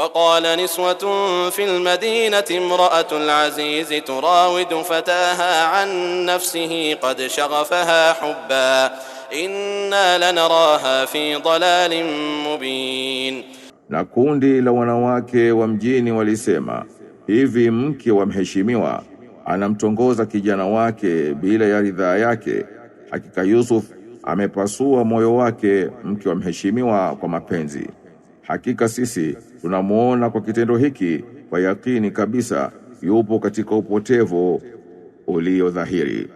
وقال نسوة في المدينة امرأة العزيز تراود فتاها عن نفسه قد شغفها حبا إنا لنراها في ضلال مبين na kundi la wanawake wa mjini walisema hivi mke wa mheshimiwa anamtongoza kijana wake bila ya ridhaa yake hakika Yusuf amepasua moyo wake mke wa mheshimiwa kwa mapenzi Hakika sisi tunamuona kwa kitendo hiki kwa yakini kabisa yupo katika upotevu ulio dhahiri.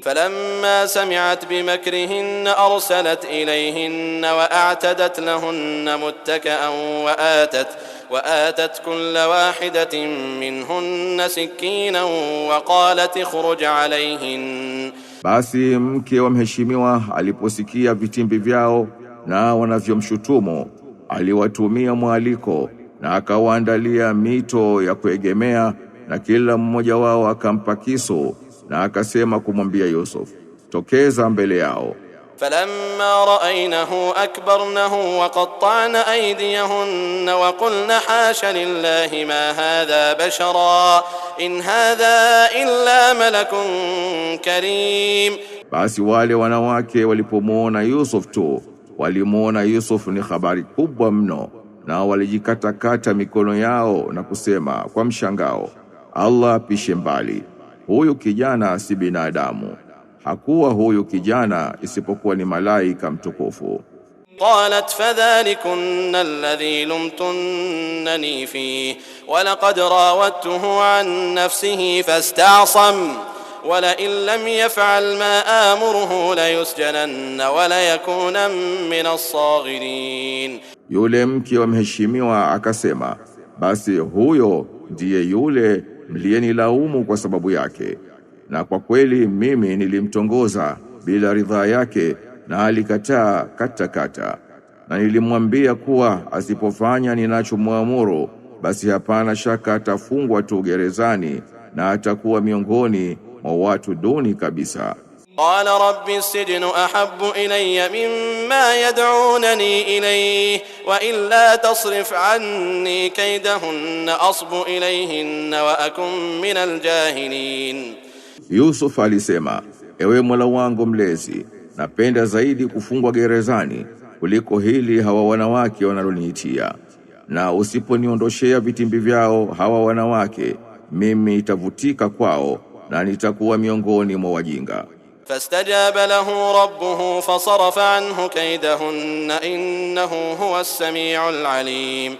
Falamma sami'at bimakrihin arsalat ilayhin wa a'tadat lahun muttaka'an wa atat wa atat kull wahidatin minhun sikinan wa qalat ikhruj alayhin, basi mke wa mheshimiwa aliposikia vitimbi vyao na wanavyomshutumu aliwatumia mwaliko na akawaandalia mito ya kuegemea na kila mmoja wao akampa kisu na akasema kumwambia Yusuf, tokeza mbele yao. falamma ra'aynahu akbarnahu wa qatta'na aydiyahunna wa qulna hasha lillahi ma hadha bashara in hadha illa malakun karim, basi wale wanawake walipomwona Yusuf tu walimwona Yusuf ni habari kubwa mno, na walijikatakata mikono yao na kusema kwa mshangao, Allah apishe mbali, huyu kijana si binadamu, hakuwa huyu kijana isipokuwa ni malaika mtukufu. Qalat fadhalikunna alladhi lumtunnani fihi wa laqad rawattuhu an nafsihi fastasam ولئن لم يفعل ما آمره ليسجنن وليكوnan min as yule mke wa mheshimiwa akasema, basi huyo ndiye yule mliyenilaumu kwa sababu yake, na kwa kweli mimi nilimtongoza bila ridhaa yake, na alikataa kata kata, na nilimwambia kuwa asipofanya ninachomwamuru basi hapana shaka atafungwa tu gerezani na atakuwa miongoni wa watu duni kabisa. Qala rabbi sijnu ahabbu ilayya mimma yad'unani ilayhi wa illa tasrif anni kaydahunna asbu ilayhinna wa akun min aljahilin. Yusuf alisema ewe Mola wangu mlezi, napenda zaidi kufungwa gerezani kuliko hili hawa wanawake wanaloniitia, na usiponiondoshea vitimbi vyao hawa wanawake, mimi itavutika kwao na nitakuwa miongoni mwa wajinga. Fastajaba lahu rabbuhu fasarafa anhu kaidahunna innahu huwa as-sami'ul alim,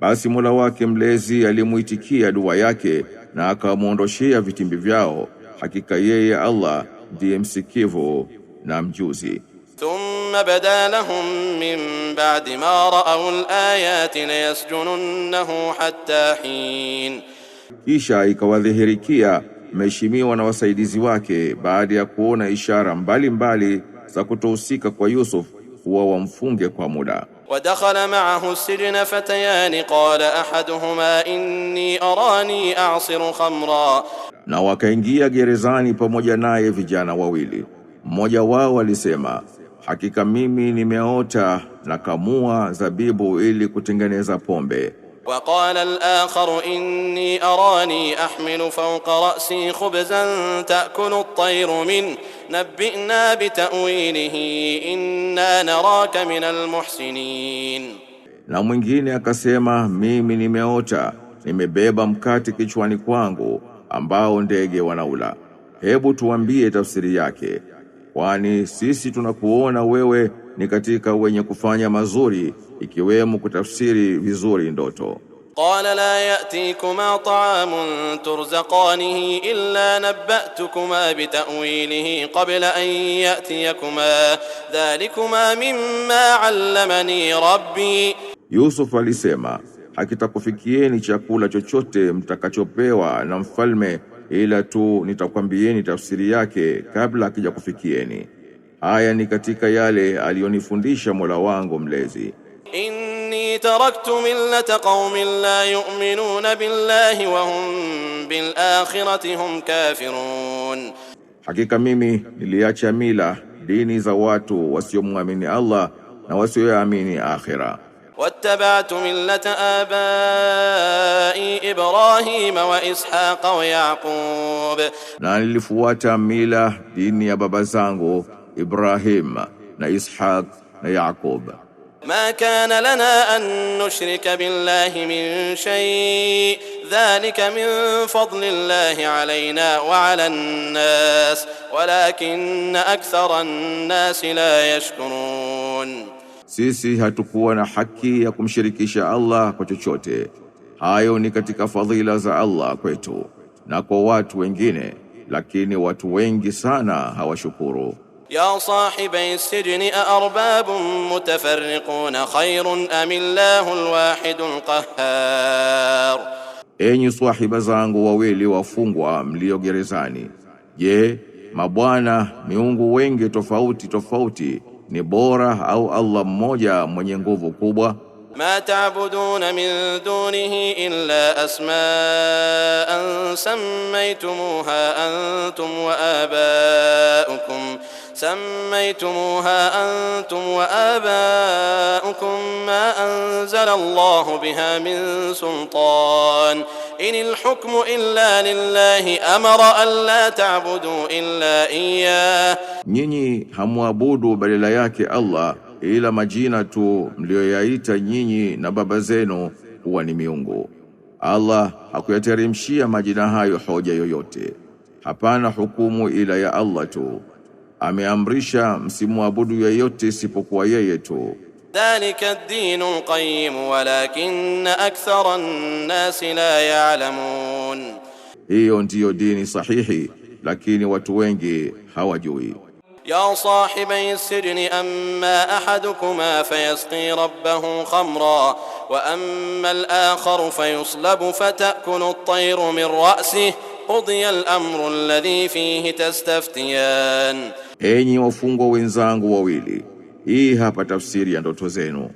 basi Mola wake mlezi alimuitikia dua yake na akamwondoshea vitimbi vyao, hakika yeye Allah ndiye msikivu na mjuzi. Thumma bada lahum min ba'di ma ra'aw al-ayati layasjununnahu hatta hin, kisha ikawadhihirikia Mheshimiwa na wasaidizi wake, baada ya kuona ishara mbalimbali za kutohusika kwa Yusuf, kuwa wamfunge kwa muda. Wadakhala maahu sijna fatayani qala ahaduhuma inni arani a'siru khamra, na wakaingia gerezani pamoja naye vijana wawili. Mmoja wao alisema, hakika mimi nimeota na kamua zabibu ili kutengeneza pombe وقال الآخر إني أراني أحمل فوق رأسي خبزا تأكل الطير منه نبئنا بتأويله إنا نراك من المحسنين na mwingine akasema, mimi nimeota nimebeba mkate kichwani kwangu ambao ndege wanaula. Hebu tuambie tafsiri yake, kwani sisi tunakuona wewe ni katika wenye kufanya mazuri ikiwemo kutafsiri vizuri ndoto. Qala la yatikuma ta'amun turzaqanihi illa nabbatukuma bitawilihi qabla an yatikuma dhalikuma mimma allamani rabbi, Yusuf alisema hakitakufikieni chakula chochote mtakachopewa na mfalme ila tu nitakwambieni tafsiri yake kabla akijakufikieni Haya ni katika yale aliyonifundisha Mola wangu mlezi. إني تركت ملة قوم لا يؤمنون بالله وهم بالآخرة هم كافرون حقيقة ميمي اللي لياتشا ميلا ديني زواتو وسيوم من الله نواسيو يأميني آخرة واتبعت ملة آبائي إبراهيم وإسحاق ويعقوب نعني اللي لفواتا ميلا ديني يا بابا زانغو إبراهيم نا إسحاق نا يعقوب ما كان لنا أن نشرك بالله من شيء ذلك من فضل الله علينا وعلى الناس ولكن أكثر الناس لا يشكرون Sisi hatukuwa na haki ya kumshirikisha Allah kwa chochote. Hayo ni katika fadhila za Allah kwetu na kwa watu wengine, lakini watu wengi sana hawashukuru. يا صاحبي السجن أأرباب متفرقون خير أم الله الواحد القهار Enyi swahiba zangu wawili wafungwa mlio gerezani, je, mabwana miungu wengi tofauti tofauti ni bora au Allah mmoja mwenye nguvu kubwa? ma ta'buduna min dunihi illa asma'an sammaytumuha antum wa aba'ukum سميتموها أنتم وآباؤكم ما أنزل الله بها من سلطان إن الحكم إلا لله أمر أن لا تعبدوا إلا إياه نيني هم badala بللياك الله إلى مجينة tu نيني نباب زينو baba zenu Allah hakuyateremshia majina hayo hoja yoyote. Hapana hukumu ila ya Allah tu. ameamrisha msimwabudu yeyote isipokuwa yeye tu. Dhalika ad-dinul qayyim walakin akthara an-nas la ya'lamun, hiyo ndiyo dini sahihi lakini watu wengi hawajui. Ya sahibi sijni amma ahadukuma fayasqi rabbahu khamra wa amma al-akharu fayuslabu fatakulu at-tayru min ra'sihi qudiya al-amru alladhi fihi tastaftiyan enyi wafungwa wenzangu wawili, hii hapa tafsiri ya ndoto zenu.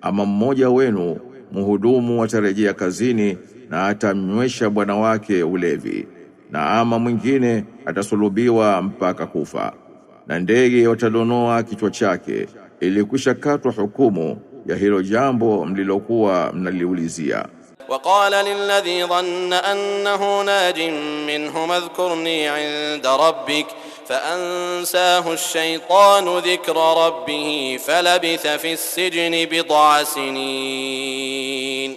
Ama mmoja wenu mhudumu atarejea kazini na atamnywesha bwana wake ulevi, na ama mwingine atasulubiwa mpaka kufa, na ndege watadonoa kichwa chake, ili kushakatwa hukumu ya hilo jambo mlilokuwa mnaliulizia. Waqala lilladhi dhanna annahu najim minhum adhkurni inda rabbik فأنساه الشيطان ذكر ربه فلبث في السجن بضع sinin.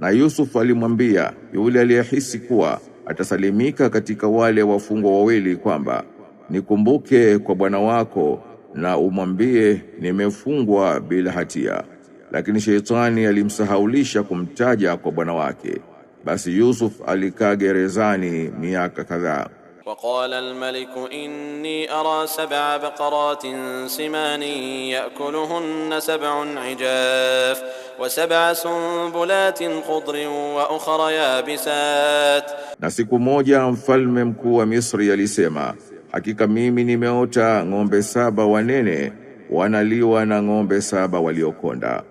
Na Yusuf alimwambia yule aliyehisi kuwa atasalimika katika wale wafungwa wawili kwamba nikumbuke kwa bwana wako na umwambie nimefungwa bila hatia, lakini sheitani alimsahaulisha kumtaja kwa bwana wake. Basi Yusuf alikaa gerezani miaka kadhaa. وقال الملك إني أرى سبع بقرات سمان يأكلهن سبع عجاف وسبع سنبلات خضر وأخر يابسات na siku moja mfalme mkuu wa Misri alisema, hakika mimi nimeota ng'ombe saba wanene wanaliwa na ng'ombe saba waliokonda,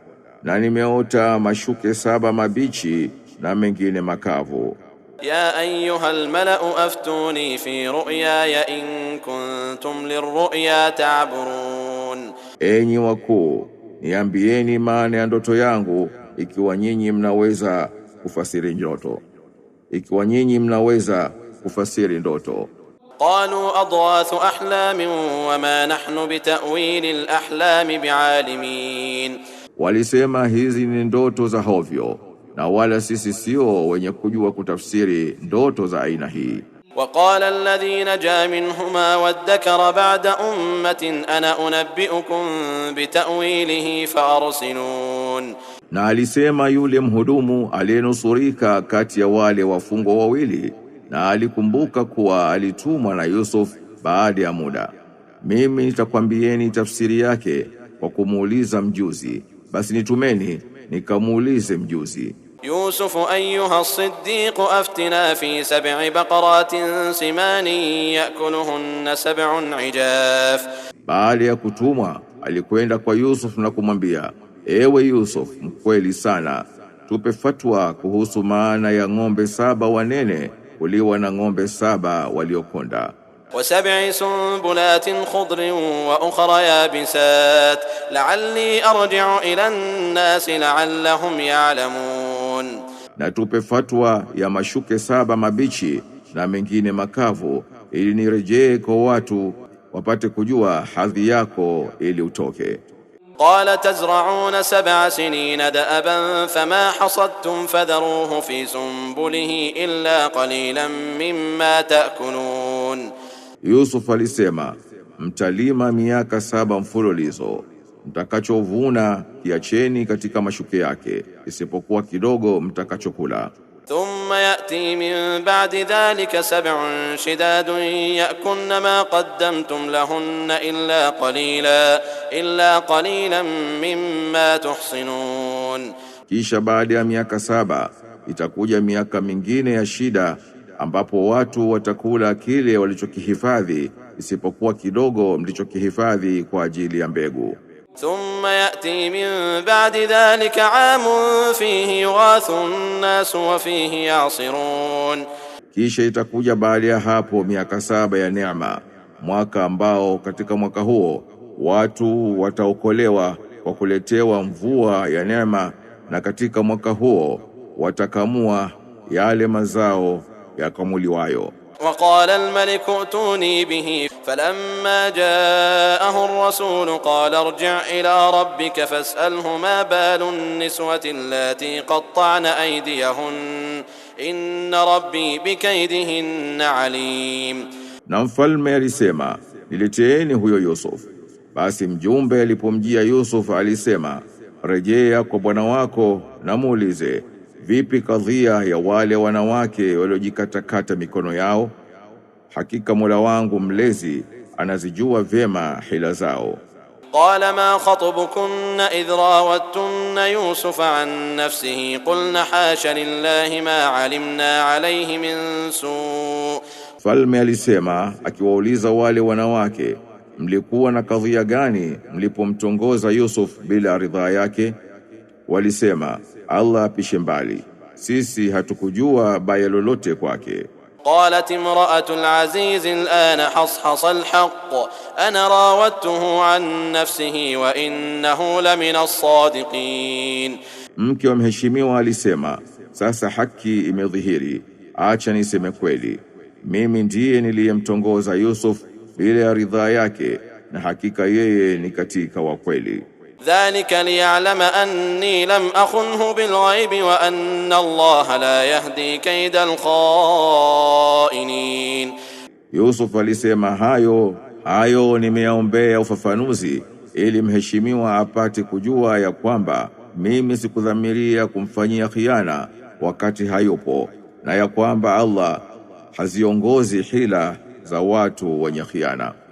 na nimeota mashuke saba mabichi na mengine makavu يا أيها الملأ أفتوني في رؤياي إن كنتم للرؤيا تعبرون e Enyi wakuu, niambieni maana ya ndoto yangu, ikiwa nyinyi mnaweza kufasiri ndoto, ikiwa nyinyi mnaweza kufasiri ndoto. Qalu adghath ahlamin wama nahnu bitawili alahlami bialimin, walisema hizi ni ndoto za hovyo na wala sisi sio wenye kujua kutafsiri ndoto za aina hii. Waqala alladhi naja minhuma wadhakara ba'da ummatin ana unabbiukum bitawilihi faarsilun, na alisema yule mhudumu aliyenusurika kati ya wale wafungwa wawili, na alikumbuka kuwa alitumwa na Yusuf baada ya muda. Mimi nitakwambieni tafsiri yake kwa kumuuliza mjuzi, basi nitumeni nikamuulize mjuzi. يوسف أيها الصديق أفتنا في سبع بقرات سمان يأكلهن سبع عجاف baada ya kutumwa alikwenda kwa Yusuf na kumwambia ewe Yusuf mkweli sana tupe fatwa kuhusu maana ya ng'ombe saba wanene kuliwa na ng'ombe saba waliokonda وسبع سنبلات خضر وأخرى يابسات لعلي أرجع إلى الناس لعلهم يعلمون na tupe fatwa ya mashuke saba mabichi na mengine makavu, ili nirejee kwa watu wapate kujua hadhi yako ili utoke. Qala tazra'una sab'a sinina da'aban fama hasadtum fadharuhu fi sumbulihi illa qalilan mimma ta'kulun, Yusuf alisema mtalima miaka saba mfululizo mtakachovuna kiacheni katika mashuke yake, isipokuwa kidogo mtakachokula. Thumma yati min ba'di dhalika sab'un shidadun ya'kunna ma qaddamtum lahunna illa qalila illa qalilan mimma tuhsinun, kisha baada ya miaka saba itakuja miaka mingine ya shida ambapo watu watakula kile walichokihifadhi isipokuwa kidogo mlichokihifadhi kwa ajili ya mbegu. ثم يأتي من بعد ذلك عام فيه يغاث الناس وفيه يعصرون, kisha itakuja baada ya hapo miaka saba ya neema, mwaka ambao katika mwaka huo watu wataokolewa kwa kuletewa mvua ya neema, na katika mwaka huo watakamua yale mazao yakamuliwayo. وقال الملك ائتوني به فلما جاءه الرسول قال ارجع إلى ربك فاسأله ما بال النسوة اللاتي قطعن أيديهن إن ربي بكيدهن عليم نفل mfalme سيما nileteeni هو يوسف basi mjumbe alipomjia Yusuf alisema rejea kwa bwana wako na muulize Vipi kadhia ya wale wanawake waliojikatakata mikono yao? Hakika Mola wangu mlezi anazijua vyema hila zao. Qala ma khatubukunna idh rawattunna Yusufa an nafsihi qulna hasha lillahi ma alimna alayhi min su. Falme alisema akiwauliza wale wanawake, mlikuwa na kadhia gani mlipomtongoza Yusuf bila ridhaa yake? Walisema Allah apishe mbali, sisi hatukujua baya lolote kwake. Qalat imra'atu al-aziz al-ana hashas al haq ana rawadtuhu an nafsihi wa innahu min as-sadiqin, mke wa mheshimiwa alisema, sasa haki imedhihiri, acha niseme kweli, mimi ndiye niliyemtongoza Yusuf bila ya ridhaa yake, na hakika yeye ni katika wa kweli dhalika liya'lama anni lam akhunhu bilghaibi wa anna Allaha la yahdi kaida alkhainin, Yusuf alisema hayo hayo nimeyaombea ufafanuzi ili mheshimiwa apate kujua ya kwamba mimi sikudhamiria kumfanyia khiana wakati hayupo, na ya kwamba Allah haziongozi hila za watu wenye khiana.